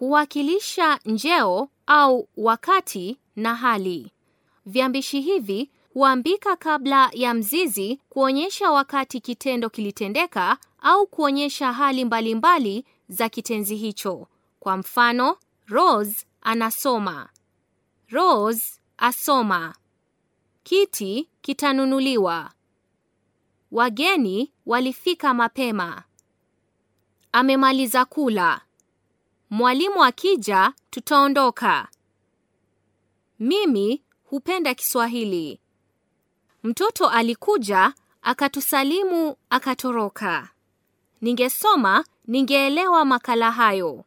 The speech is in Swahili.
huwakilisha njeo au wakati na hali. Viambishi hivi huambika kabla ya mzizi kuonyesha wakati kitendo kilitendeka au kuonyesha hali mbalimbali mbali za kitenzi hicho. Kwa mfano, Rose anasoma. Rose asoma. Kiti kitanunuliwa. Wageni walifika mapema. Amemaliza kula. Mwalimu akija, tutaondoka. Mimi hupenda Kiswahili. Mtoto alikuja, akatusalimu, akatoroka. Ningesoma, ningeelewa makala hayo.